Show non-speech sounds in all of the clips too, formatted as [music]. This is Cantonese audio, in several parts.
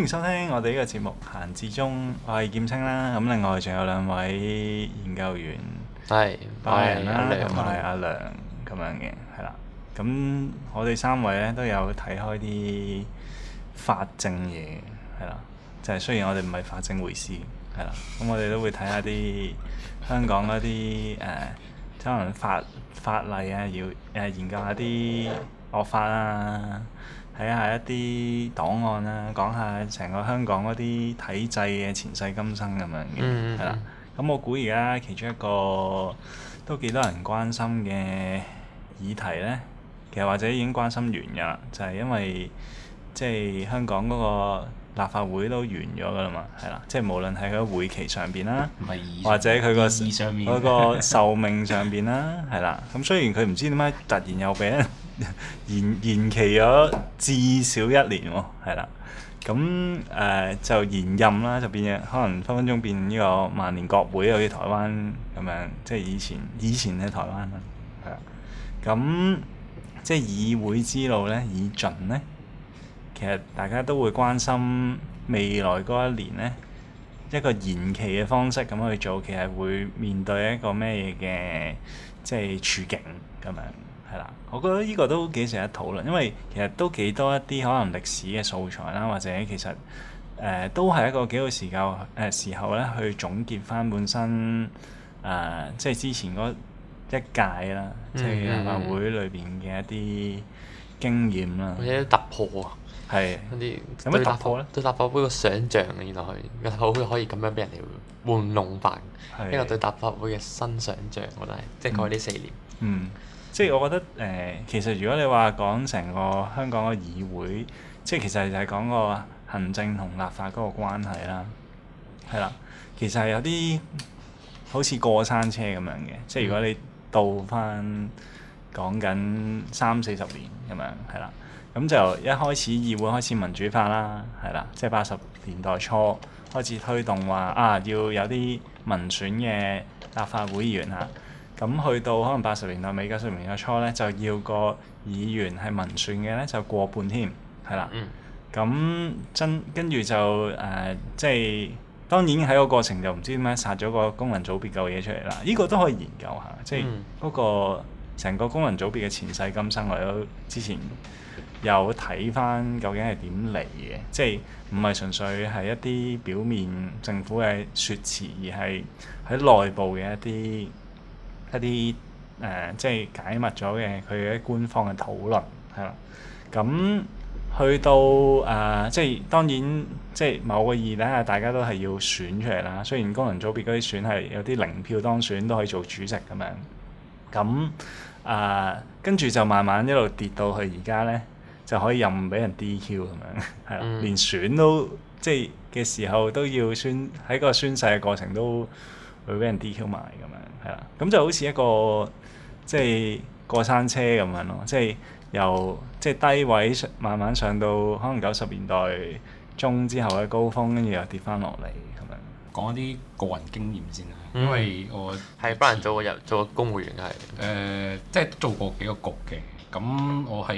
歡迎收聽我哋呢個節目《行至中》哎，我係劍青啦。咁另外仲有兩位研究員，係 Brian 啦，同埋 Brian,、啊、阿梁咁樣嘅，係啦。咁我哋三位咧都有睇開啲法政嘢，係啦。就係、是、雖然我哋唔係法政匯思，係啦。咁我哋都會睇下啲香港嗰啲誒，可、啊、能法法例啊，要誒研究下啲惡法啊。睇下一啲檔案啦，講下成個香港嗰啲體制嘅前世今生咁樣嘅，係啦、mm。咁、hmm. 我估而家其中一個都幾多人關心嘅議題咧，其實或者已經關心完㗎啦，就係、是、因為即係、就是、香港嗰個立法會都完咗㗎啦嘛，係啦。即、就、係、是、無論係佢個會期上邊啦，或者佢個議上壽命上邊啦，係啦。 [laughs] 咁雖然佢唔知點解突然有病。延延期咗至少一年喎，係啦，咁誒、呃、就延任啦，就變咗，可能分分鐘變呢個萬年國會，好似台灣咁樣，即係以前以前喺台灣啊，係啊，咁即係議會之路咧已盡咧，其實大家都會關心未來嗰一年咧一個延期嘅方式咁去做，其實會面對一個咩嘢嘅即係處境咁樣。係啦，我覺得呢個都幾成日討論，因為其實都幾多一啲可能歷史嘅素材啦，或者其實誒、呃、都係一個幾好時間誒、呃、時候咧，去總結翻本身誒、呃、即係之前嗰一屆啦，嗯、即係立法會裏邊嘅一啲經驗啦，或者突破啊，係嗰啲有咩突破咧？對立法會嘅想像原來立法會可以咁樣俾人哋玩弄法。呢的個對立法會嘅新想像我都係即係過去呢四年。嗯。即係我覺得誒、呃，其實如果你話講成個香港嘅議會，即係其實就係講個行政同立法嗰個關係啦，係啦，其實係有啲好似過山車咁樣嘅。即係如果你倒翻講緊三四十年咁樣，係啦，咁就一開始議會開始民主化啦，係啦，即係八十年代初開始推動話啊要有啲民選嘅立法會議員嚇。咁去到可能八十年代尾九十年代初咧，就要個議員係民選嘅咧，就過半添係啦。咁、嗯、跟跟住就誒、呃，即係當然喺個過程就唔知點解殺咗個功能組別舊嘢出嚟啦。呢、這個都可以研究下，嗯、即係嗰個成個功能組別嘅前世今生，我有之前有睇翻，究竟係點嚟嘅？即係唔係純粹係一啲表面政府嘅說辭，而係喺內部嘅一啲。一啲誒、呃，即係解密咗嘅佢嘅官方嘅討論，係啦。咁去到誒、呃，即係當然，即係某個議題啊，大家都係要選出嚟啦。雖然功能組別嗰啲選係有啲零票當選都可以做主席咁樣。咁、呃、誒，跟住就慢慢一路跌到去而家咧，就可以任俾人 DQ 咁樣，係啦，嗯、連選都即係嘅時候都要宣喺個宣誓嘅過程都。去俾人 DQ 埋咁樣，係啦，咁就好似一個即係過山車咁樣咯，即係由即係低位上慢慢上到可能九十年代中之後嘅高峰，跟住又跌翻落嚟咁樣。講一啲個人經驗先啦，因為我喺班人做過，我入做過公務員係誒、呃，即係做過幾個局嘅。咁我喺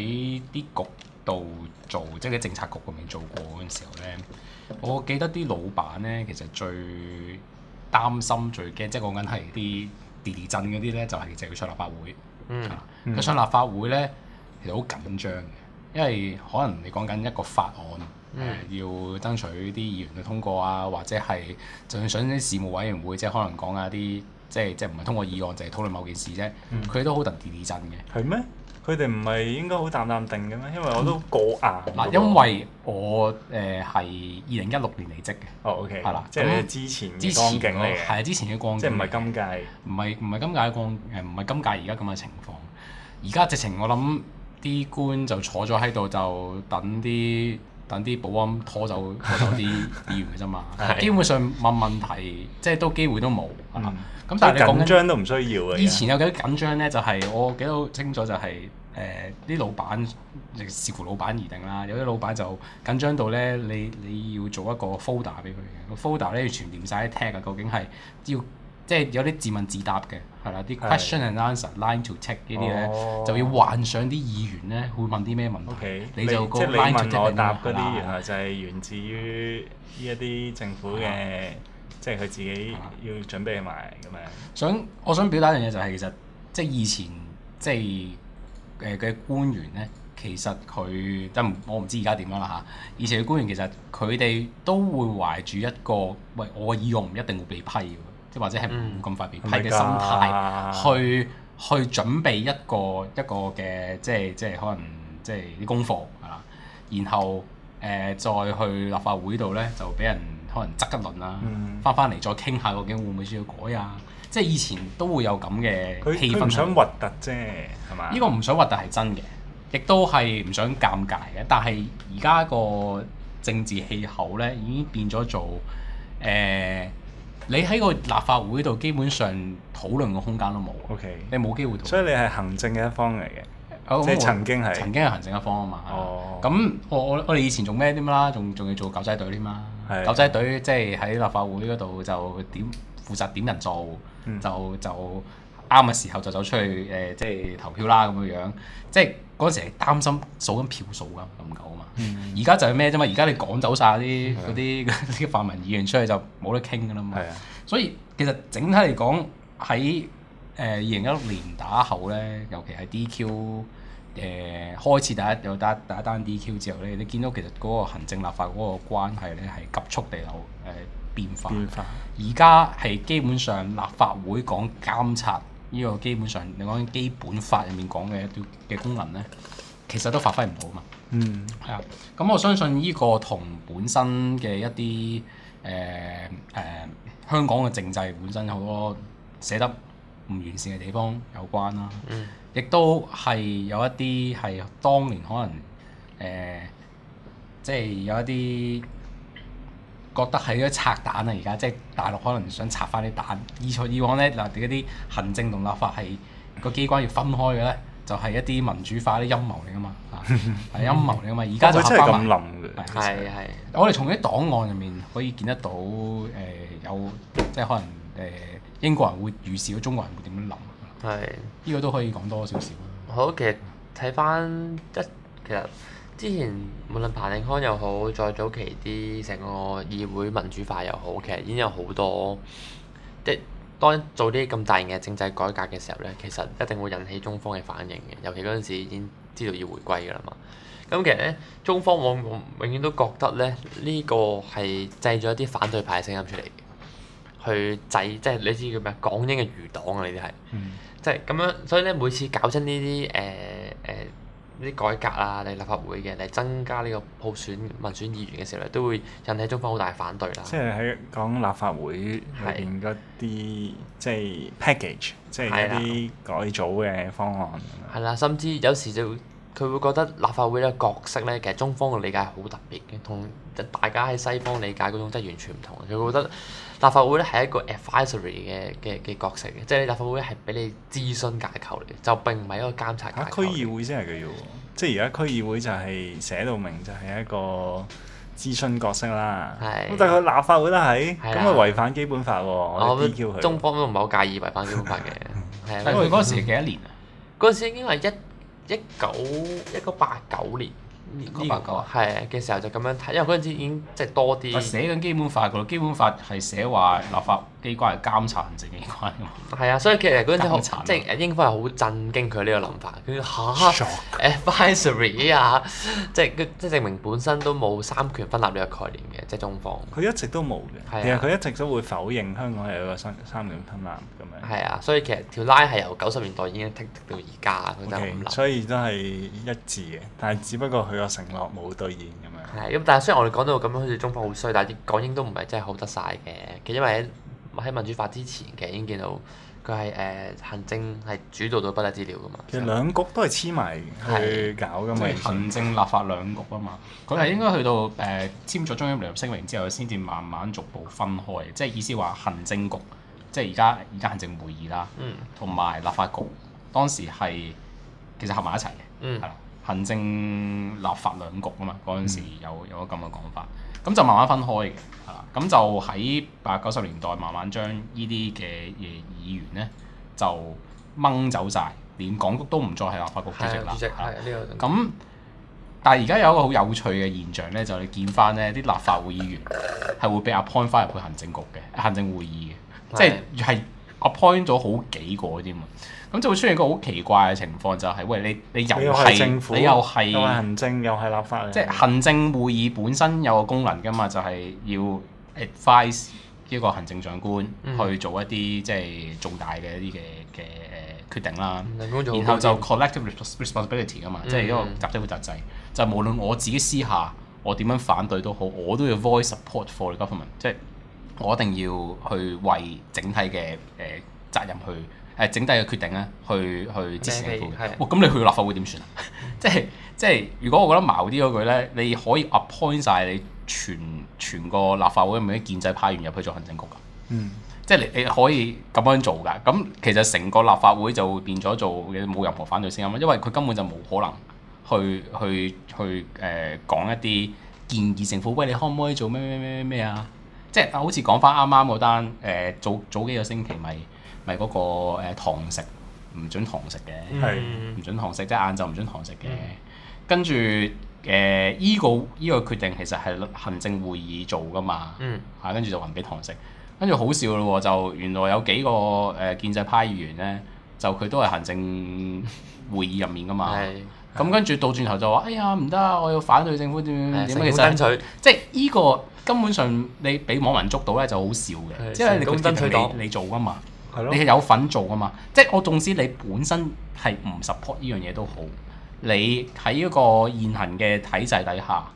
啲局度做，即係喺政策局嗰邊做過嗰陣時候咧，我記得啲老闆咧其實最擔心最驚，即係講緊係啲地震嗰啲咧，就係就要出立法會。佢、嗯、上立法會咧，其實好緊張嘅，因為可能你講緊一個法案，誒、嗯、要爭取啲議員嘅通過啊，或者係就算想啲事務委員會，即係可能講下啲。即係即係唔係通過議案，淨係討論某件事啫。佢、嗯、都好特地地真嘅。係咩？佢哋唔係應該好淡淡定嘅咩？因為我都過硬。嗱、嗯，因為我誒係二零一六年離職嘅。哦，OK 的。係啦，咁之前嘅光景咧，係啊的，之前嘅光景，即係唔係今屆，唔係唔係今屆嘅光誒，唔係今屆而家咁嘅情況。而家直情我諗啲官就坐咗喺度，就等啲。等啲保安拖走拖走啲演員嘅啫嘛， [laughs] 基本上問問題即係都機會都冇。咁、嗯、但係你緊張都唔需要嘅。以前有幾多緊張咧，在就係我記得好清楚，就是，就係誒啲老闆，視乎老闆而定啦。有啲老闆就緊張到咧，你你要做一個 folder 俾佢嘅，個 folder 咧要傳掂晒啲 tag 啊，text，究竟係要。即係有啲自問自答嘅係啦，啲 question and answer line to take 呢啲咧，就要幻想啲議員咧會問啲咩問題。OK，你就個 line 我答嗰啲，原來就係源自於呢一啲政府嘅，即係佢自己要準備埋咁樣。想我想表達一樣嘢就係其實即係以前即係誒嘅官員咧，其實佢即係我唔知而家點樣啦吓，以前嘅官員其實佢哋都會懷住一個喂，我嘅議案唔一定會被批嘅。即或者係唔咁快變態嘅心態去，嗯、去、啊、去、去準備一個一個嘅，即係即係可能即係啲功課啊，然後誒、呃、再去立法會度咧就俾人可能執、嗯、一輪啦，翻翻嚟再傾下究竟會唔會需要改啊？嗯、即係以前都會有咁嘅氣氛。佢唔想核突啫，係嘛、嗯？呢吧個唔想核突係真嘅，亦都係唔想尷尬嘅。但係而家個政治氣候咧已經變咗做誒。呃呃呃你喺個立法會度基本上討論個空間都冇，okay，你冇機會討論。所以你係行政嘅一方嚟嘅，即係曾經係曾經係行政一方啊、嗯、嘛。咁、oh。我我我哋以前做咩添啦？仲仲要做狗仔隊添啦。的狗仔隊即係喺立法會嗰度就點負責點人做，就、嗯、就。就啱嘅時候就走出去，誒，即係投票啦，咁樣樣，即係嗰陣時係擔心數緊票數㗎，唔夠啊嘛。而家、嗯、就係咩啫嘛？而家你趕走晒啲嗰啲啲泛民議員出去，就冇得傾㗎啦嘛。係啊，所以其實整體嚟講，喺誒二零一六年打後咧，尤其係 DQ 誒開始第一有第一第一單 DQ 之後咧，你見到其實嗰個行政立法嗰個關係咧係急速地有誒變化。變化而家係基本上立法會講監察。呢個基本上，你講基本法入面講嘅一啲嘅功能咧，其實都發揮唔到啊嘛。嗯，係啊。咁我相信呢個同本身嘅一啲誒誒香港嘅政制本身好多寫得唔完善嘅地方有關啦、啊。亦、嗯、都係有一啲係當年可能誒、呃，即係有一啲。覺得係一拆彈啊！而家即係大陸可能想拆翻啲彈。以以往咧，嗱，啲嗰啲行政同立法係個機關要分開嘅咧，就係、是、一啲民主化啲陰謀嚟啊嘛，係 [laughs] 陰謀嚟啊嘛。而家就拆翻民。佢真係咁諗嘅。係我哋從啲檔案入面可以見得到，誒、呃、有即係可能誒、呃、英國人會預視到中國人會點樣諗。係的。呢個都可以講多少少。好，其實睇翻一其實。之前無論彭定康又好，再早期啲成個議會民主化又好，其實已經有好多即當做啲咁大型嘅政制改革嘅時候咧，其實一定會引起中方嘅反應嘅，尤其嗰陣時已經知道要回歸噶啦嘛。咁其實咧，中方往往永遠都覺得咧，呢個係製咗一啲反對派嘅聲音出嚟，去制，即係你知叫咩？港英嘅餘黨啊，呢啲係，即係咁樣，所以咧每次搞親呢啲誒誒。呃呃啲改革啊，你立法會嘅，你增加呢個普選、民選議員嘅時候咧，都會引起中方好大反對啦。即係喺講立法會入面嗰啲，的即係 package，即係一啲改組嘅方案的。係啦、嗯，甚至有時就佢會覺得立法會嘅角色咧，其實中方嘅理解係好特別嘅，同，就大家喺西方理解嗰種真係完全唔同，佢覺得立法會咧係一個 advisory 嘅嘅嘅角色嘅，即係你立法會係俾你諮詢架構嚟嘅，就並唔係一個監察架構。嚇、啊、區議會先係嘅喎，嗯、即係而家區議會就係寫到明，就係一個諮詢角色啦。係、啊。咁但係個立法會都係，咁咪、啊、違反基本法喎、啊？我都、啊、中方都唔係好介意違反基本法嘅。係 [laughs] 啊。因為嗰時幾多年啊？嗰時已經係一一九一九八九年。講法個係嘅時候就咁樣睇，因為嗰陣時已經即係多啲。寫緊基本法個，基本法係寫話立法機關係監察行政機關。係啊，所以其實嗰陣時好即係英方係好震驚佢呢個諗法。嚇，advisory 啊，即係即係證明本身都冇三權分立呢個概念嘅，即係中方。佢一直都冇嘅，其實佢一直都會否認香港係有個三三權分立咁樣。係啊，所以其實條 line 係由九十年代已經 tick 到而家，所以都係一致嘅，但係只不過佢。個承諾冇兌現咁樣，係咁。但係雖然我哋講到咁樣好似中方好衰，但係港英都唔係真係好得晒嘅。其實因為喺民主法之前，其實已經見到佢係誒行政係主導到不得了噶嘛。其實兩局都係黐埋，去搞咁嘅。的以行政立法兩局啊嘛。佢係 [laughs] 應該去到誒、 [laughs] 呃、簽咗《中英聯合聲明》之後，先至慢慢逐步分開。即係意思話，行政局即係而家而家行政會議啦，同埋、嗯、立法局當時係其實合埋一齊嘅，嗯的。嗯行政立法兩局啊嘛，嗰陣時有有咁嘅講法，咁就慢慢分開嘅，係啦，咁就喺八九十年代慢慢將呢啲嘅嘢議員咧就掹走晒，連港督都唔再係立法局主席啦，咁的。但係而家有一個好有趣嘅現象咧，就是、你見翻咧啲立法會議員係會被 appoint 翻入去行政局嘅，行政會議嘅，的即係係 appoint 咗好幾個添啊。咁就會出現一個好奇怪嘅情況，就係、是、餵你你又係政府，係，又係行政又係立法，即係行政會議本身有個功能噶嘛，就係、是、要 advise 呢個行政長官去做一啲即係重大嘅一啲嘅嘅誒決定啦。嗯、然後就 collective responsibility 啊嘛，即係一個集體負責制，就是、無論我自己私下我點樣反對都好，我都要 voice support for the government，即係我一定要去為整體嘅誒、呃、責任去。誒整體嘅決定咧，去去支持政府嘅、哦、咁你去立法會點算啊？即係即係，如果我覺得矛啲嗰句咧，你可以 appoint 晒你全全個立法會入面啲建制派員入去做行政局噶。嗯、即係你你可以咁樣做㗎。咁其實成個立法會就會變咗做冇任何反對聲音，因為佢根本就冇可能去去去誒講、呃、一啲建議政府喂你可唔可以做咩咩咩咩啊？即係、啊、好似講翻啱啱嗰單、呃、早早幾個星期咪。咪嗰個誒堂食，唔准堂食嘅，唔准堂食即係晏晝唔准堂食嘅。跟住誒依個依個決定其實係行政會議做噶嘛，嚇跟住就還俾堂食。跟住好笑咯，就原來有幾個誒建制派議員咧，就佢都係行政會議入面噶嘛。咁跟住倒轉頭就話：哎呀唔得，我要反對政府點點點點。成功爭取，即係依個根本上你俾網民捉到咧就好笑嘅，即係你佢決定你做噶嘛。你係有份做噶嘛，即係我縱使你本身係唔 support 呢樣嘢都好，你喺一個現行嘅體制底下，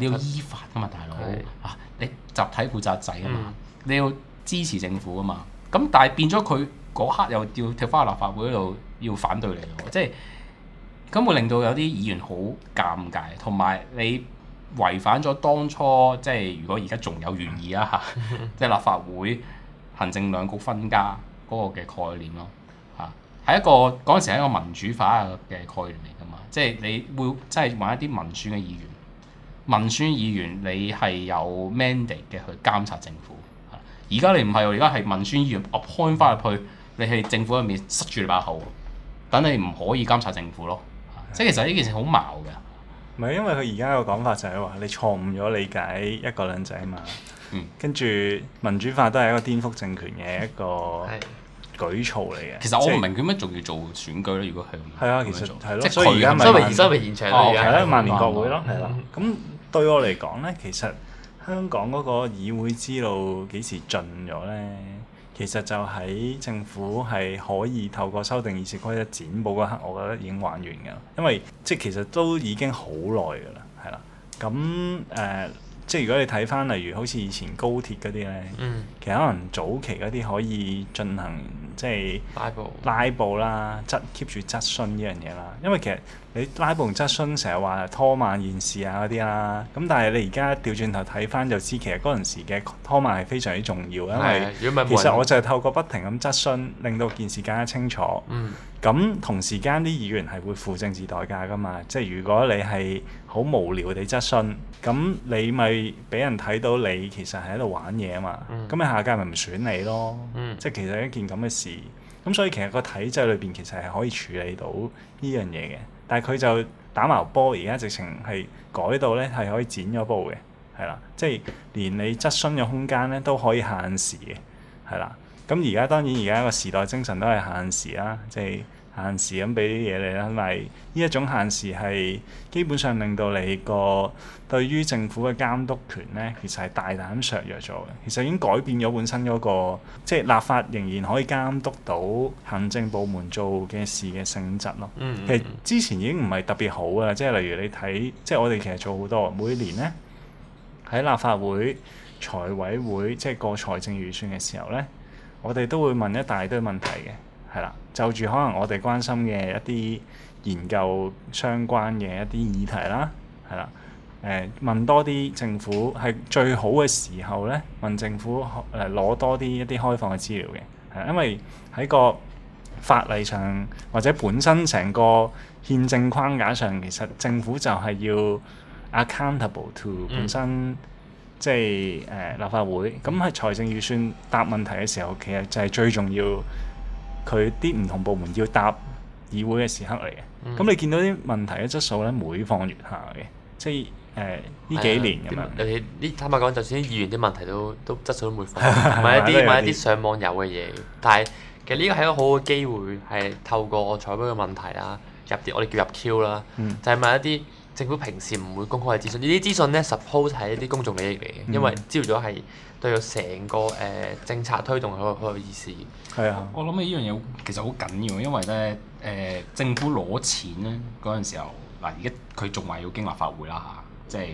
你要依法噶嘛，大佬嚇是、啊、你集體負責制啊嘛，嗯、你要支持政府啊嘛。咁但係變咗佢嗰刻又要踢翻立法會度要反對你，嗯、即係咁會令到有啲議員好尷尬，同埋你違反咗當初即係如果而家仲有原意啊嚇，即係、嗯、 [laughs] 立法會行政兩局分家。嗰個嘅概念咯，嚇係一個嗰陣時係一個民主化嘅概念嚟噶嘛，即係你會即係揾一啲民選嘅議員，民選議員你係有 mandate 嘅去監察政府，而家你唔係，而家係民選議員 appoint 翻入去，你係政府入面塞住你把口，等你唔可以監察政府咯，即係其實呢件事好矛盾。唔係因為佢而家個講法就係、是、話你錯誤咗理解一個靚仔嘛。跟住民主化都係一個顛覆政權嘅一個舉措嚟嘅。其實我唔明點解仲要做選舉咧？如果係咁，係啊，其實係咯，即啊、所以而家咪收咪現場嚟係咯，萬年國會咯，係、okay，啦問。咁對我嚟講咧，其實香港嗰個議會之路幾時盡咗咧？其實就喺政府係可以透過修訂議事規則展補嗰刻，我覺得已經玩完嘅。因為即係其實都已經好耐嘅啦，係啦。咁誒。呃呃即係如果你睇翻例如好似以前高鐵嗰啲咧，嗯、其實可能早期嗰啲可以進行即係、就是、拉布、拉布啦、質 keep 住質詢呢樣嘢啦，因為其實。你拉布同質詢成日話拖慢件事啊嗰啲啦，咁但係你而家調轉頭睇翻就知，其實嗰陣時嘅拖慢係非常之重要。因為，其實我就係透過不停咁質詢，令到件事更加清楚。嗯。咁同時間啲議員係會付政治代價㗎嘛？即係如果你係好無聊地質詢，咁你咪俾人睇到你其實係喺度玩嘢啊嘛。嗯。咁你下屆咪唔選你咯？嗯。即係其實一件咁嘅事，咁所以其實個體制裏邊其實係可以處理到呢樣嘢嘅。但係佢就打埋波，而家直情係改到咧係可以剪咗波嘅。係啦，即係連你質詢嘅空間咧都可以限時嘅，係啦。咁而家當然而家個時代精神都係限時啦，即係。限時咁俾啲嘢你啦，因為呢一種限時係基本上令到你個對於政府嘅監督權咧，其實係大膽削弱咗嘅。其實已經改變咗本身嗰、那個，即係立法仍然可以監督到行政部門做嘅事嘅性質咯。嗯嗯嗯，其實之前已經唔係特別好㗎喇，即係例如你睇，即係我哋其實做好多，每年咧喺立法會財委會即係過財政預算嘅時候咧，我哋都會問一大堆問題嘅。係啦，就住可能我哋關心嘅一啲研究相關嘅一啲議題啦，係啦，誒、呃、問多啲政府係最好嘅時候咧，問政府誒攞、呃、多啲一啲開放嘅資料嘅，係因為喺個法例上或者本身成個憲政框架上，其實政府就係要 accountable to、嗯、本身即係誒立法會，咁喺財政預算答問題嘅時候，其實就係最重要。佢啲唔同部門要答議會嘅時刻嚟嘅，咁、嗯、你見到啲問題嘅質素咧，每況愈下嘅，即係誒呢幾年、啊，尤其呢坦白講，就算啲議員啲問題都都質素都每況愈下，同 [laughs] 一啲唔買一啲上網有嘅嘢，但係其實呢個係一個好嘅機會，係透過財委嘅問題啦、啊，入啲我哋叫入 Q 啦、啊，嗯、就係問一啲。政府平時唔會公開嘅資訊，資訊呢啲資訊咧，suppose 係一啲公眾利益嚟嘅，嗯、因為資料咗係對個成個誒政策推動好好有意思。係啊是的，我諗起呢樣嘢其實好緊要，因為咧誒、呃、政府攞錢咧嗰陣時候嗱，而家佢仲話要經立法會啦嚇、啊，即係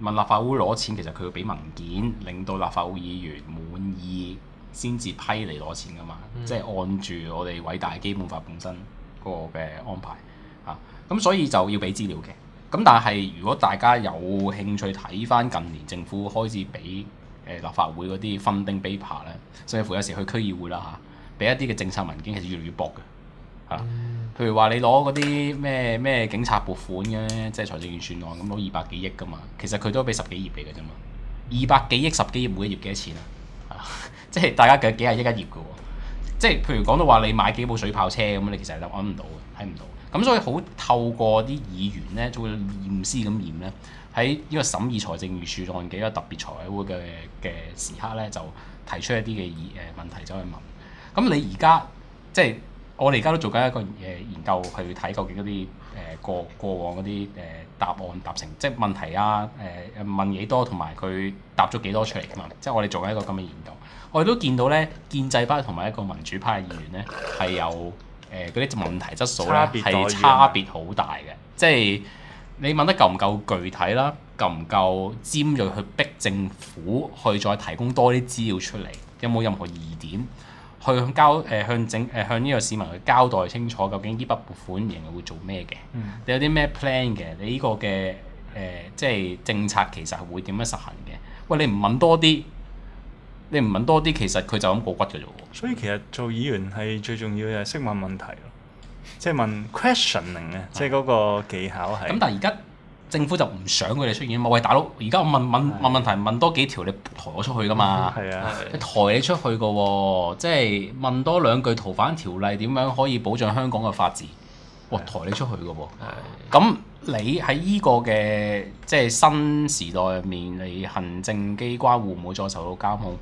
問立法會攞錢，其實佢要俾文件令到立法會議員滿意先至批你攞錢㗎嘛，嗯、即係按住我哋偉大基本法本身嗰個嘅安排啊，咁、啊、所以就要俾資料嘅。咁但係如果大家有興趣睇翻近年政府開始俾誒、呃、立法會嗰啲 funding paper 咧，甚至乎有時去區議會啦嚇，俾、啊、一啲嘅政策文件其實越嚟越薄嘅嚇。譬如話你攞嗰啲咩咩警察撥款嘅、啊，即係財政預算案咁，攞二百幾億噶嘛，其實佢都俾十幾頁嚟嘅啫嘛。二百幾億十幾頁，每一頁幾多錢啊？啊即係大家計幾廿億一頁嘅喎、啊。即係譬如講到話你買幾部水炮車咁，你其實諗唔到嘅，睇唔到。咁所以好透過啲議員咧，就會驗屍咁驗咧，喺呢個審議財政預算案嘅一個特別財委會嘅嘅時刻咧，就提出一啲嘅議誒問題走去問。咁你而家即係我哋而家都做緊一個誒研究去睇究竟嗰啲誒過過往嗰啲誒答案答成即係問題啊誒、呃、問幾多同埋佢答咗幾多出嚟㗎嘛。即係我哋做緊一個咁嘅研究，我哋都見到咧建制派同埋一個民主派嘅議員咧係有，誒嗰啲問題質素咧係差別好大嘅，即係你問得夠唔夠具體啦，夠唔夠尖鋭去逼政府去再提供多啲資料出嚟，有冇任何疑點去交誒、呃、向政誒、呃、向呢個市民去交代清楚，究竟呢筆撥款型會做咩嘅、嗯？你有啲咩 plan 嘅？你呢個嘅誒即係政策其實會點樣實行嘅？喂，你唔問多啲？你唔問多啲，其實佢就咁過骨嘅啫喎。所以其實做議員係最重要嘅係識問問題，即係問 questioning 嘅，即 [laughs] 係嗰個技巧係。咁但係而家政府就唔想佢哋出現啊嘛！喂大佬，而家我問問的問問題，問多幾條你抬我出去㗎嘛？係啊，你抬你出去㗎喎！即係問多兩句《逃犯條例》點樣可以保障香港嘅法治？抬你出去嘅噃、哦，咁的你喺呢個嘅即係新時代入面，你行政機關會唔會再受到監控？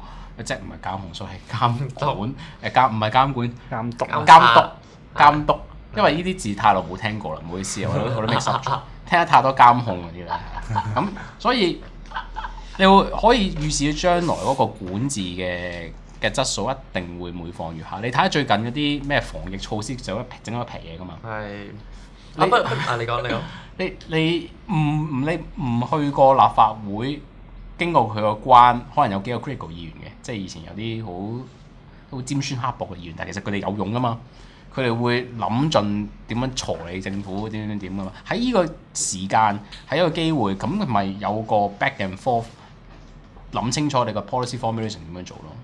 即係唔係監控，所以監管誒、呃、監唔係監管監督監督監督,監督，因為呢啲字太耐冇聽過啦，唔好意思，我都我都 m i 聽得太多監控嗰啲啦。咁所以你會可以預示到將來嗰個管治嘅。嘅質素一定會每況愈下。你睇下最近嗰啲咩防疫措施，就一整咗一皮嘢噶嘛。係，啊你講你講，你你唔唔 [laughs] 你唔去過立法會，經過佢個關，可能有幾個 critical 議員嘅，即係以前有啲好好尖酸刻薄嘅議員，但係其實佢哋有用噶嘛。佢哋會諗盡點樣鋤你政府點點點噶嘛。喺呢個時間，喺一個機會，咁咪有個 back and forth，諗清楚你個 policy formulation 點樣做咯。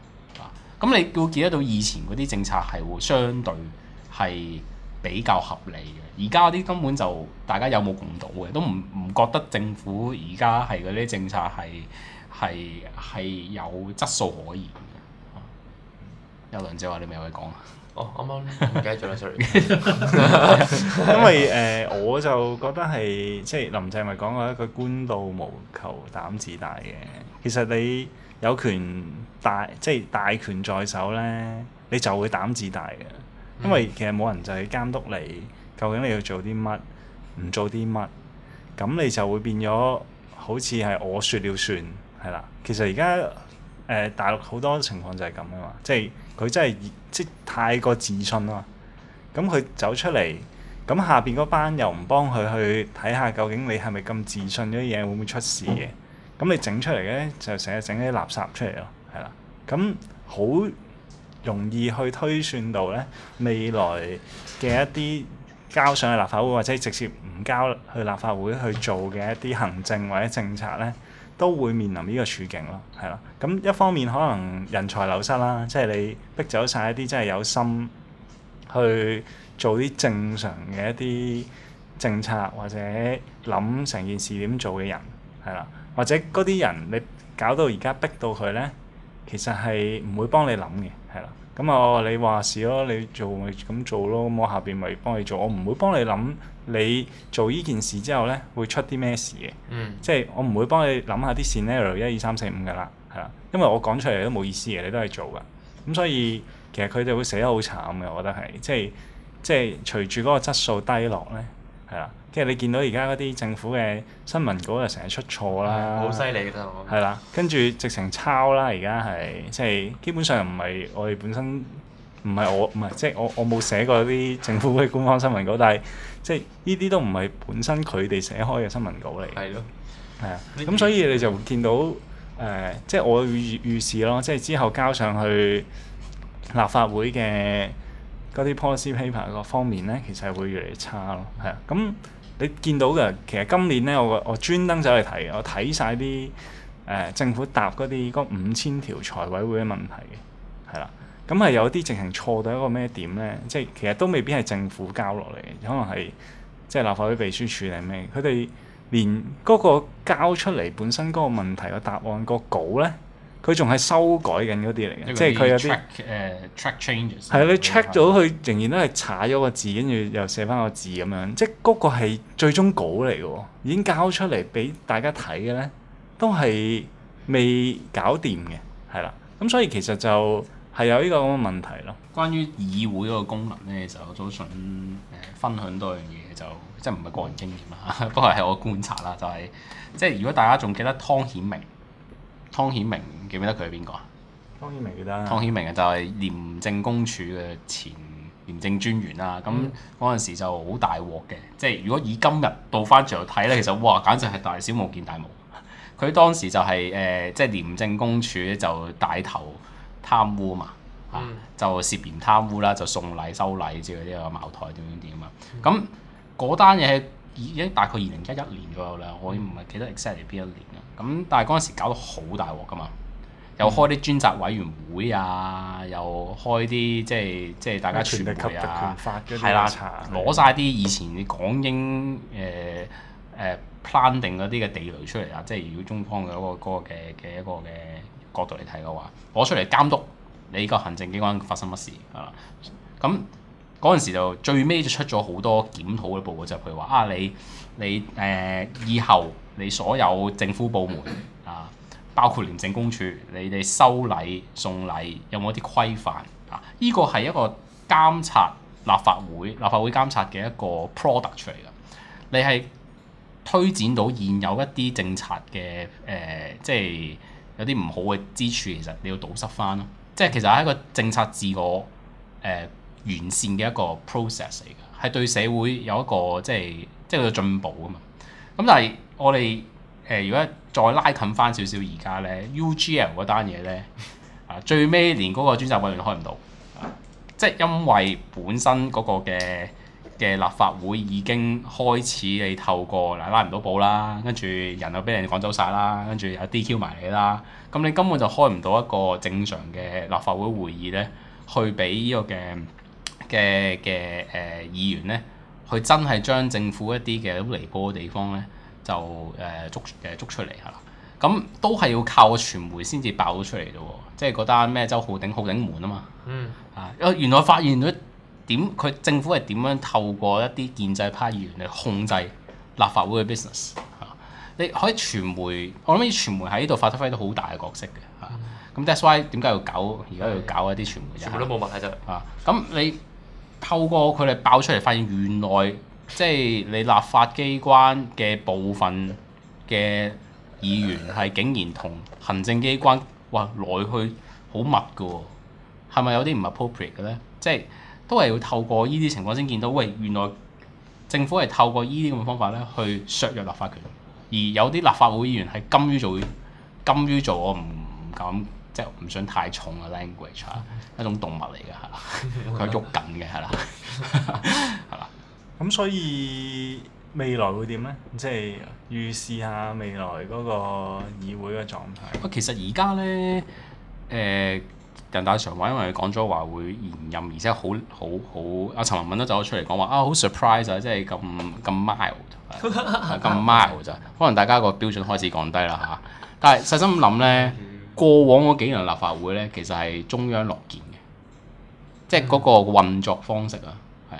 咁你會見得到以前嗰啲政策係會相對係比較合理嘅，而家嗰啲根本就大家有目共睹嘅，都唔唔覺得政府而家係嗰啲政策係係係有質素可言。有尤林仔話：你未開始講啊？哦，啱啱唔記得咗啦，sorry。因為誒、呃，我就覺得係即係林鄭咪講過，佢官到無求，膽自大嘅。其實你。有權大即係大權在手咧，你就會膽子大嘅，因為其實冇人就係監督你，究竟你要做啲乜，唔做啲乜，咁你就會變咗好似係我説了算係啦。其實而家誒大陸好多情況就係咁啊嘛，即係佢真係即係太過自信啊嘛，咁佢走出嚟，咁下邊嗰班又唔幫佢去睇下究竟你係咪咁自信嗰啲嘢會唔會出事嘅？咁你整出嚟嘅，就成日整啲垃圾出嚟咯，係啦。咁好容易去推算到咧，未來嘅一啲交上去立法會，或者直接唔交去立法會去做嘅一啲行政或者政策咧，都會面臨呢個處境咯，係啦。咁一方面可能人才流失啦，即係你逼走晒一啲真係有心去做啲正常嘅一啲政策或者諗成件事點做嘅人。係啦，或者嗰啲人你搞到而家逼到佢咧，其實係唔會幫你諗嘅，係啦。咁我你話事咯，你做咪咁做咯，咁我下邊咪幫你做。我唔會幫你諗你做呢件事之後咧會出啲咩事嘅。即係我唔會幫你諗下啲線呢度一二三四五噶啦，係啦。因為我講出嚟都冇意思嘅，你都係做噶。咁所以其實佢哋會寫得好慘嘅，我覺得係即係即係隨住嗰個質素低落咧，係啦。即係你見到而家嗰啲政府嘅新聞稿就成日出錯啦，好犀利㗎，係啦，跟住直情抄啦，而家係即係基本上唔係我哋本身，唔係我唔係即係我我冇寫過啲政府嘅官方新聞稿，但係即係呢啲都唔係本身佢哋寫開嘅新聞稿嚟，係咯的，係啊，咁所以你就見到誒、呃，即係我預預示咯，即係之後交上去立法會嘅嗰啲 policy paper 嗰方面咧，其實係會越嚟越差咯，係啊，咁、嗯。你見到嘅其實今年咧，我我專登走去睇，我睇晒啲誒政府答嗰啲五千條財委會嘅問題嘅，係啦，咁係有啲直情錯到一個咩點咧？即係其實都未必係政府交落嚟，可能係即係立法會秘書處定咩？佢哋連嗰個交出嚟本身嗰個問題嘅答案、個稿咧。佢仲係修改緊嗰啲嚟嘅，即係佢有啲誒 track,、uh, track changes 的。係啊 track 的，你 check 咗佢，仍然都係查咗個字，跟住又寫翻個字咁樣。即係嗰個係最終稿嚟嘅，已經交出嚟俾大家睇嘅咧，都係未搞掂嘅，係啦。咁所以其實就係有呢個咁嘅問題咯。關於議會嗰個功能咧，就我都想誒分享多樣嘢，就即係唔係個人經驗啊， [laughs] 不過係我觀察啦，就係、是、即係如果大家仲記得湯顯明。湯顯明記唔記得佢係邊個啊？湯顯明記得。湯顯明啊，就係廉政公署嘅前廉政專員啦。咁嗰陣時就好大鑊嘅，即係如果以今日倒翻轉頭睇咧，其實哇，簡直係大小巫見大巫。佢當時就係、是、誒、呃，即係廉政公署就帶頭貪污嘛，嗯、啊，就涉嫌貪污啦，就送禮收禮之類啲啊，茅台點點點啊。咁嗰單嘢已經大概二零一一年左右啦，我唔係記得 exact 係邊一年啊。嗯咁但係嗰陣時搞到好大鑊㗎嘛，又開啲專責委員會啊，又開啲即係即係大家傳媒啊，係啦，攞晒啲以前港英誒誒、呃呃、plan 定嗰啲嘅地雷出嚟啊！即係如果中方嘅嗰、嗰個嘅嘅一個嘅、嗰個、角度嚟睇嘅話，攞出嚟監督你個行政機關發生乜事啊！咁嗰陣時就最尾就出咗好多檢討嘅報告，就係、譬如、話啊你你誒、呃、以後。你所有政府部門啊，包括廉政公署，你哋收禮送禮有冇啲規範啊？呢個係一個監察立法會、立法會監察嘅一個 product 出嚟噶。你係推展到現有一啲政策嘅誒、呃，即係有啲唔好嘅之處，其實你要堵塞翻咯。即係其實係一個政策自我誒、呃、完善嘅一個 process 嚟嘅，係對社會有一個即係即係進步㗎嘛。咁但係。我哋誒、呃、如果再拉近翻少少，而家咧 UGL 嗰單嘢咧啊，最尾連嗰個專責委員都開唔到、啊、即係因為本身嗰個嘅嘅立法會已經開始你透過嗱、啊、拉唔到布啦，跟住人又俾人趕走晒啦，跟住有 DQ 埋你啦，咁你根本就開唔到一個正常嘅立法會會議咧，去俾呢個嘅嘅嘅誒議員咧，去真係將政府一啲嘅離譜嘅地方咧。就誒、呃、捉誒捉出嚟係啦，咁都係要靠傳媒先至爆咗出嚟嘅喎，即係嗰單咩周浩鼎浩鼎門啊嘛，啊、嗯、原來發現咗點佢政府係點樣透過一啲建制派議員嚟控制立法會嘅 business 嚇，你可以傳媒，我諗啲傳媒喺呢度發揮到好大嘅角色嘅嚇，咁 that's why 點解要搞而家的要搞一啲傳媒，傳媒都冇問題啫，的啊咁你透過佢哋爆出嚟，發現原來。即係你立法機關嘅部分嘅議員係竟然同行政機關，喂，來去好密㗎喎，係咪有啲唔 appropriate 嘅咧？即係都係要透過呢啲情況先見到，喂，原來政府係透過呢啲咁嘅方法咧去削弱立法權，而有啲立法會議員係甘於做，甘於做我唔敢，即係唔想太重嘅。language 係一種動物嚟嘅係啦，佢喐緊嘅係啦。 [laughs] [laughs] 咁所以未來會點呢？即係預示下未來嗰個議會嘅狀態。啊，其實而家呢，誒、呃、人大常委因為講咗話會延任，而且好好好，阿陳文敏都走咗出嚟講話啊，好 surprise 啊！即係咁咁 mild，咁 mild 咋，可能大家個標準開始降低啦嚇。但係細心咁諗呢，嗯、過往嗰幾年立法會呢，其實係中央樂見嘅，即係嗰個運作方式啊。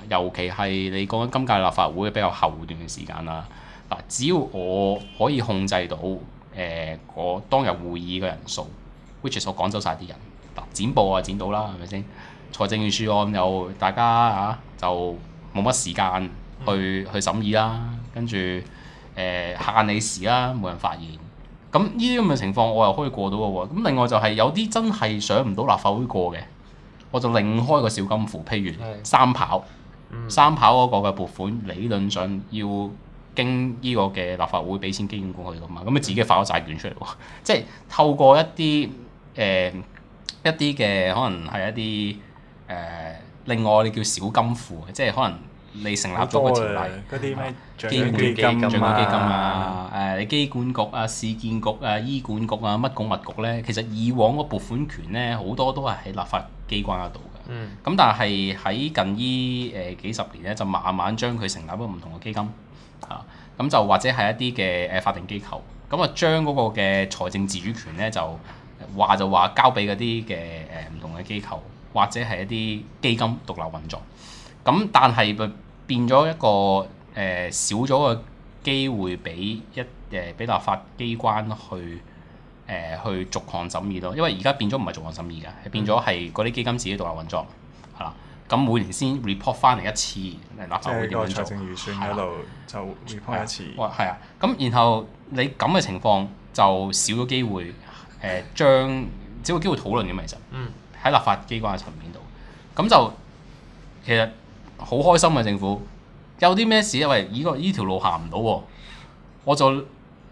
尤其係你講緊今屆立法會比較後段嘅時間啦。嗱，只要我可以控制到，誒、呃，我當日會議嘅人數 [music] ，which is, 我講走晒啲人，嗱，剪報啊，剪到啦，係咪先？財政預算案又大家啊，就冇乜時間去去審議啦，跟住誒限你時啦，冇人發現。咁呢啲咁嘅情況，我又可以過到嘅喎。咁另外就係有啲真係上唔到立法會過嘅，我就另開個小金庫，譬如三跑。嗯、三跑嗰個嘅撥款理論上要經呢個嘅立法會俾錢經管去㗎嘛，咁啊自己發咗債券出嚟喎， [laughs] 即係透過一啲誒、呃、一啲嘅可能係一啲誒、呃、另外你叫小金庫即係可能你成立咗個條例，嗰啲咩基金基，管基金啊你機管局啊市建局啊醫管局啊乜公物局咧，其實以往個撥款權咧好多都係喺立法機關嗰度。咁、嗯、但係喺近依誒、呃、幾十年咧，就慢慢將佢成立咗唔同嘅基金啊，咁就或者係一啲嘅誒法定機構，咁啊將嗰個嘅財政自主權咧就話就話交俾嗰啲嘅誒唔同嘅機構，或者係一啲基金獨立運作，咁、啊、但係變咗一個誒、呃、少咗個機會俾一誒俾、呃、立法機關去。誒去逐項審議咯，因為而家變咗唔係逐項審議㗎，係變咗係嗰啲基金自己獨立運作，係啦、嗯。咁每年先 report 翻嚟一次，係啦，即係個財政預算喺度的就 report 一次。哇，係啊！咁然後你咁嘅情況就少咗機會誒，將少咗機會討論嘅問題。其實嗯，喺立法機關嘅層面度，咁就其實好開心啊！政府有啲咩事？因為依個依條路行唔到喎，我就。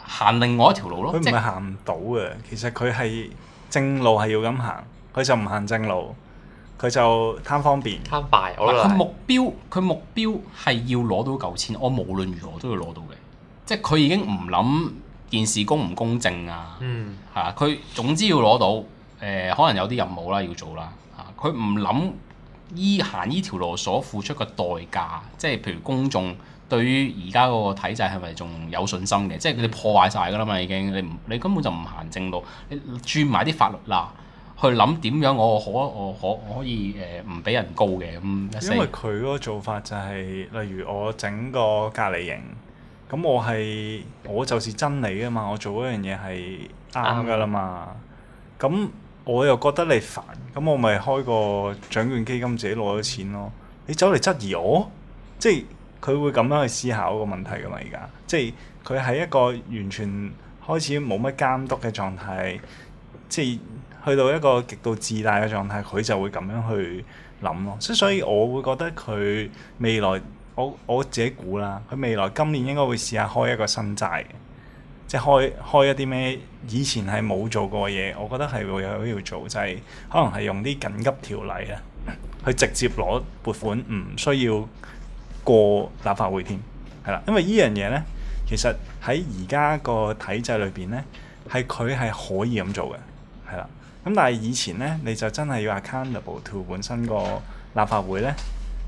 行另外一條路咯，佢唔係行唔到嘅，即其實佢係正路係要咁行，佢就唔行正路，佢就貪方便，貪快。我話佢目標，佢目標係要攞到嚿錢，我無論如何都要攞到嘅。即係佢已經唔諗件事公唔公正啊，係、嗯、啊，佢總之要攞到。誒、呃，可能有啲任務啦要做啦，嚇佢唔諗依行呢條路所付出嘅代價，即係譬如公眾。對於而家嗰個體制係咪仲有信心嘅？即係佢哋破壞晒噶啦嘛，已經你唔你根本就唔行正路，你轉埋啲法律罅去諗點樣我我我我，我可我可可以誒唔俾人告嘅咁。因為佢嗰個做法就係、是，例如我整個隔離營，咁我係我就是真理啊嘛，我做嗰樣嘢係啱噶啦嘛。咁、嗯、我又覺得你煩，咁我咪開個獎券基金自己攞咗錢咯。你走嚟質疑我，即係。佢會咁樣去思考個問題噶嘛？而家即係佢喺一個完全開始冇乜監督嘅狀態，即係去到一個極度自大嘅狀態，佢就會咁樣去諗咯。即所以，我會覺得佢未來，我我自己估啦，佢未來今年應該會試下開一個新債，即係開開一啲咩以前係冇做過嘢，我覺得係會有要做，就係、是、可能係用啲緊急條例啊，去直接攞撥款，唔、嗯、需要。過立法會添，係啦，因為呢樣嘢咧，其實喺而家個體制裏邊咧，係佢係可以咁做嘅，係啦。咁但係以前咧，你就真係要 accountable to 本身個立法會咧，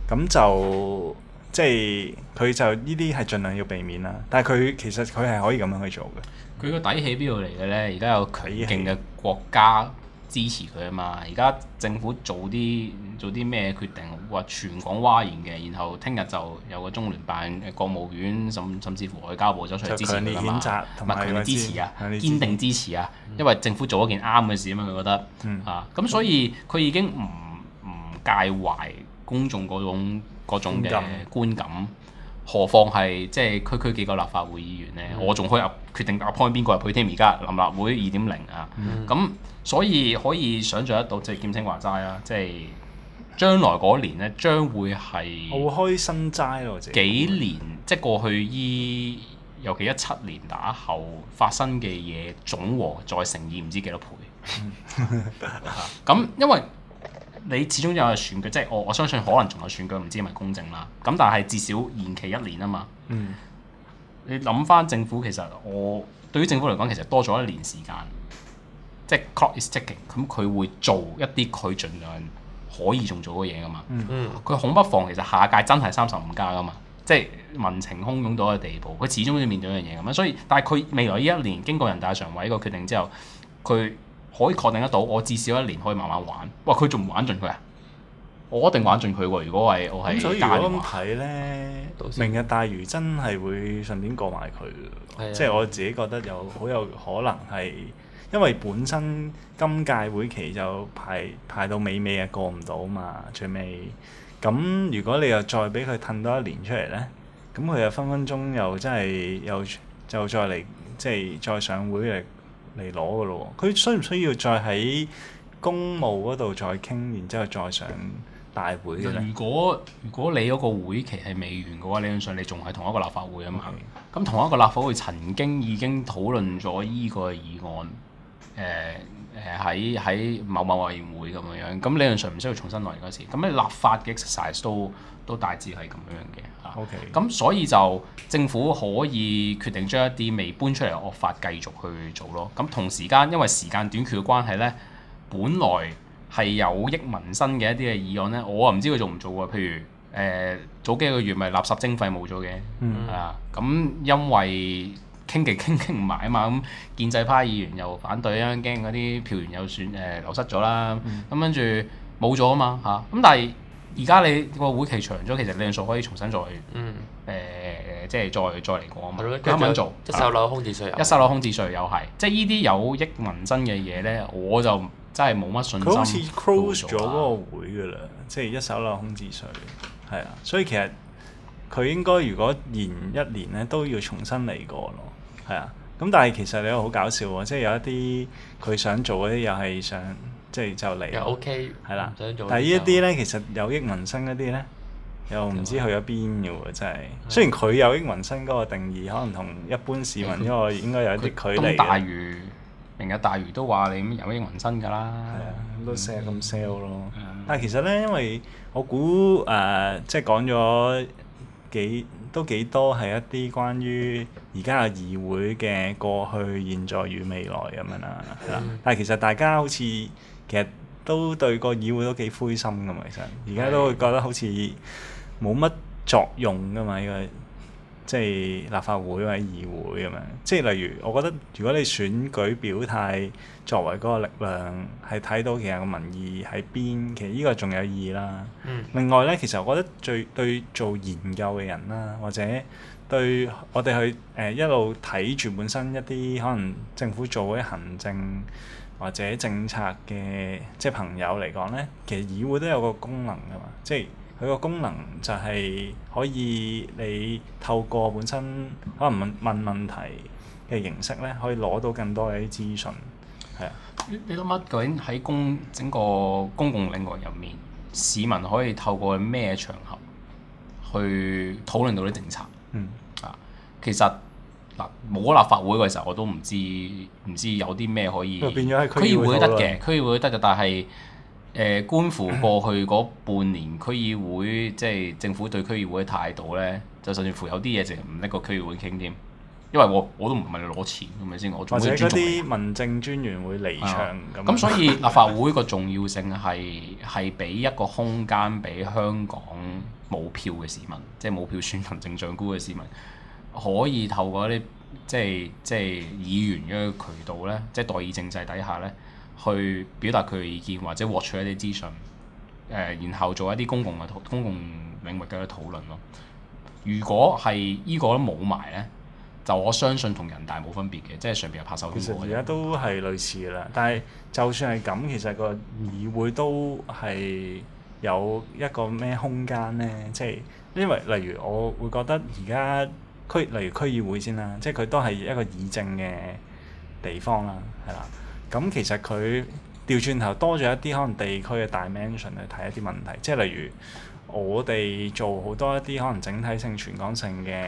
咁就即係佢就呢啲係盡量要避免啦。但係佢其實佢係可以咁樣去做嘅。佢個底氣喺邊度嚟嘅咧？而家有強勁嘅國家支持佢啊嘛。而家氣政府做啲做啲咩決定？話全港嘩然嘅，然後聽日就有個中聯辦、國務院、甚甚至乎外交部走出嚟支持㗎啦，同埋強支持啊，堅定支持啊，因為政府做一件啱嘅事啊嘛，佢覺得嚇，咁所以佢已經唔唔介懷公眾嗰種嘅觀感，何況係即係區區幾個立法會議員呢？我仲可以決定 appoint 邊個係 p a 而家臨立會二點零啊，咁所以可以想象得到，即係劍青話齋啦，即係。將來嗰年咧，將會係好開新齋咯。幾年即係過去依，尤其一七年打後發生嘅嘢總和再乘以唔知幾多倍。咁、嗯 [laughs] 嗯、因為你始終有個選舉，即係我我相信可能仲有選舉，唔知係咪公正啦。咁但係至少延期一年啊嘛。嗯、你諗翻政府其實我對於政府嚟講，其實多咗一年時間，即係 clock is ticking，咁佢會做一啲佢盡量。可以仲做嗰嘢噶嘛？佢、嗯、恐不妨。其實下屆真係三十五加噶嘛，即係民情洶湧到嘅地步，佢始終要面對一樣嘢咁樣。所以，但係佢未來呢一年經過人大常委個決定之後，佢可以確定得到，我至少一年可以慢慢玩。哇！佢仲唔玩盡佢啊？我一定玩盡佢喎。如果係我係，咁、嗯、所以睇咧，嗯、明日大嶼真係會順便過埋佢，即係我自己覺得有好有可能係。因為本身今屆會期就排排到尾尾啊，過唔到嘛，最尾。咁如果你又再俾佢褪多一年出嚟咧，咁佢又分分鐘又真係又就再嚟即係再上會嚟嚟攞噶咯。佢需唔需要再喺公務嗰度再傾，然之後再上大會咧？如果如果你嗰個會期係未完嘅話，理論上你仲係同一個立法會啊嘛。咁 Okay. 同一個立法會曾經已經討論咗依個議案。嗯誒誒喺喺某某委員會咁樣樣，咁理論上唔需要重新來嗰時，咁你立法嘅 exercise 都都大致係咁樣樣嘅。OK、啊。咁所以就政府可以決定將一啲未搬出嚟惡法繼續去做咯。咁、啊、同時間因為時間短缺嘅關係咧，本來係有益民生嘅一啲嘅議案咧，我又唔知佢做唔做喎。譬如誒、呃、早幾個月咪垃圾徵費冇咗嘅，係、嗯、啊。咁因為傾極傾傾唔埋啊嘛，咁建制派議員又反對，因為驚嗰啲票源又損誒、呃、流失咗啦，咁跟住冇咗啊嘛嚇，咁但係而家你個會期長咗，其實你數可以重新再誒、嗯呃、即係再再嚟過啊嘛，咁啱、嗯、做、嗯、一手樓空置稅，一手樓空置稅又係，的即係呢啲有益民生嘅嘢咧，我就真係冇乜信心。佢好似 close 咗嗰個會㗎啦，即係一手樓空置稅，係啊，所以其實。佢應該如果延一年咧，都要重新嚟過咯，係啊。咁但係其實你又好搞笑喎，即係有一啲佢想做嗰啲又係想即係就嚟也 OK 係啦的，唔想做一但。但係呢一啲咧，其實有益民生嗰啲咧，又唔知去咗邊㗎喎，真係。好雖然佢有益民生嗰個定義，對可能同一般市民因為應該有一啲距離。大嶼明日大嶼都話你咁有益民生㗎啦，啊，都 sell 咁 sell 咯。嗯、但係其實咧，因為我估誒、呃、即係講咗。講幾都幾多係一啲關於而家嘅議會嘅過，過去、現在與未來咁樣啦，但係其實大家好似其實都對個議會都幾灰心噉，其實而家都會覺得好似冇乜作用噶嘛，呢個。即係立法會或者議會咁樣，即係例如，我覺得如果你選舉表態作為嗰個力量，係睇到其實個民意喺邊，其實呢個仲有意義啦。嗯、另外咧，其實我覺得最對做研究嘅人啦，或者對我哋去誒、呃、一路睇住本身一啲可能政府做嘅行政或者政策嘅，即係朋友嚟講咧，其實議會都有個功能㗎嘛，即係。佢個功能就係可以你透過本身可能問問問題嘅形式咧，可以攞到更多嘅啲資訊。係啊，你你諗下，究竟喺公整個公共領域入面，市民可以透過咩場合去討論到啲政策？嗯，啊，其實嗱，冇立法會嘅時候，我都唔知唔知有啲咩可以。變咗係區議會得嘅，區議會得嘅，嗯、但係。誒，呃、觀乎過去嗰半年區議會，即係政府對區議會嘅態度咧，就甚至乎有啲嘢就唔搦個區議會傾添，因為我我都唔問你攞錢，係咪先？我或者嗰啲民政專員會離場咁。咁、嗯樣嗯、所以立法會個重要性係係俾一個空間俾香港冇票嘅市民，即係冇票選行政長官嘅市民，可以透過啲即係即係議員嘅渠道咧，即係代議政制底下咧。去表達佢嘅意見或者獲取一啲資訊，誒、呃，然後做一啲公共嘅公共領域嘅討論咯。如果係依個都冇埋咧，就我相信同人大冇分別嘅，即係上邊有拍手通過嘅。其實我而家都係類似啦，但係就算係咁，其實個議會都係有一個咩空間咧？即係因為例如我會覺得而家區例如區議會先啦，即係佢都係一個議政嘅地方啦，係啦。咁其實佢調轉頭多咗一啲可能地區嘅 dimension 去睇一啲問題，即係例如我哋做好多一啲可能整體性、全港性嘅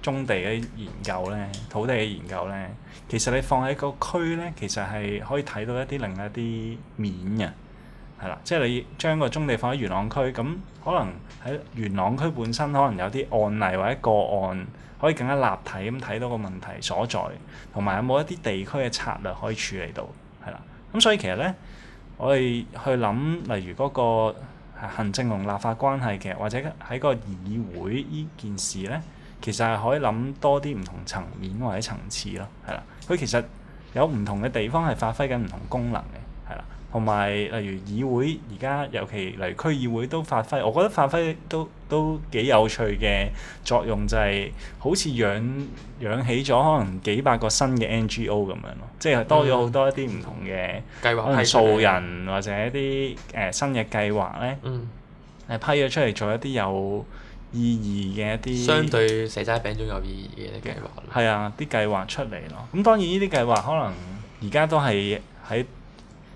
棕地嘅研究咧，土地嘅研究咧，其實你放喺個區咧，其實係可以睇到一啲另一啲面嘅。係啦，即係你將個中地放喺元朗區，咁可能喺元朗區本身可能有啲案例或者個案，可以更加立體咁睇到個問題所在，同埋有冇一啲地區嘅策略可以處理到，係啦。咁所以其實咧，我哋去諗例如嗰個行政同立法關係嘅，或者喺個議會呢件事咧，其實係可以諗多啲唔同層面或者層次咯，係啦。佢其實有唔同嘅地方係發揮緊唔同功能嘅。同埋，例如議會而家，尤其例如區議會都發揮，我覺得發揮都都幾有趣嘅作用就，就係好似養養起咗可能幾百個新嘅 NGO 咁樣咯，即係多咗好多一啲唔同嘅計劃，可能係素、嗯、人或者一啲誒、呃、新嘅計劃咧。嗯，係批咗出嚟做一啲有意義嘅一啲，相對蛇齋餅糭有意義嘅一啲計劃。係啊，啲計劃出嚟咯。咁當然呢啲計劃可能而家都係喺。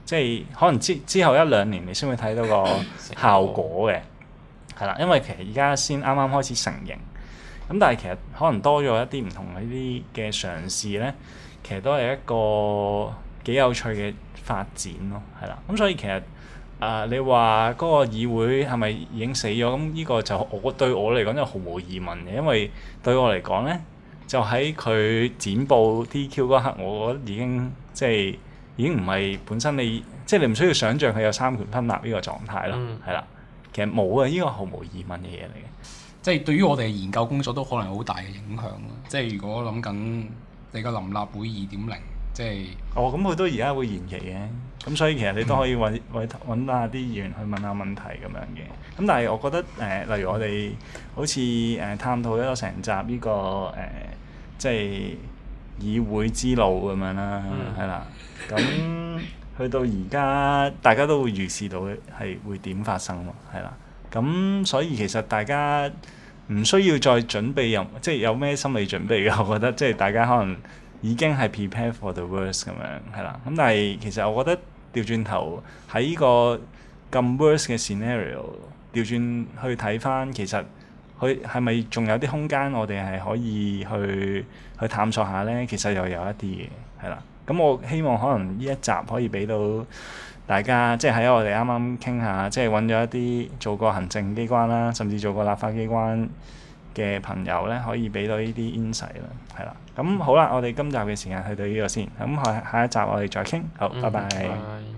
即係可能之之後一兩年，你先會睇到個效果嘅，係啦， [coughs] 因為其實而家先啱啱開始成型。咁但係其實可能多咗一啲唔同呢啲嘅嘗試咧，其實都係一個幾有趣嘅發展咯，係啦。咁所以其實啊、呃，你話嗰個議會係咪已經死咗？咁呢個就我對我嚟講就毫無疑問嘅，因為對我嚟講咧，就喺佢展報 DQ 嗰刻，我覺得已經即係。已經唔係本身你，即係你唔需要想像佢有三權分立呢個狀態啦，係啦、嗯，其實冇啊，呢個毫無疑問嘅嘢嚟嘅，即係對於我哋嘅研究工作都可能好大嘅影響咯。即係如果諗緊你個臨立會二點零，即係哦，咁佢都而家會延期嘅，咁所以其實你都可以揾揾下啲議員去問下問，問題咁樣嘅。咁但係我覺得誒、呃，例如我哋好似誒探討咗成集呢、呢個誒、呃，即係。議會之路咁樣啦，係啦，咁、嗯、去到而家，大家都會預視到係會點發生喎，係啦，咁所以其實大家唔需要再準備任即係有咩心理準備嘅，我覺得即係大家可能已經係 prepare for the worst 咁樣，係啦，咁但係其實我覺得調轉頭喺呢個咁 worse 嘅 scenario，調轉去睇返其實。佢係咪仲有啲空間？我哋係可以去去探索下呢？其實又有一啲嘢，係啦。咁我希望可能呢一集可以俾到大家，即係喺我哋啱啱傾下，即係揾咗一啲做過行政機關啦，甚至做過立法機關嘅朋友呢，可以俾到呢啲 insight 啦。係啦，咁好啦，我哋今集嘅時間去到呢個先。咁下下一集我哋再傾。好，嗯、拜拜。拜拜。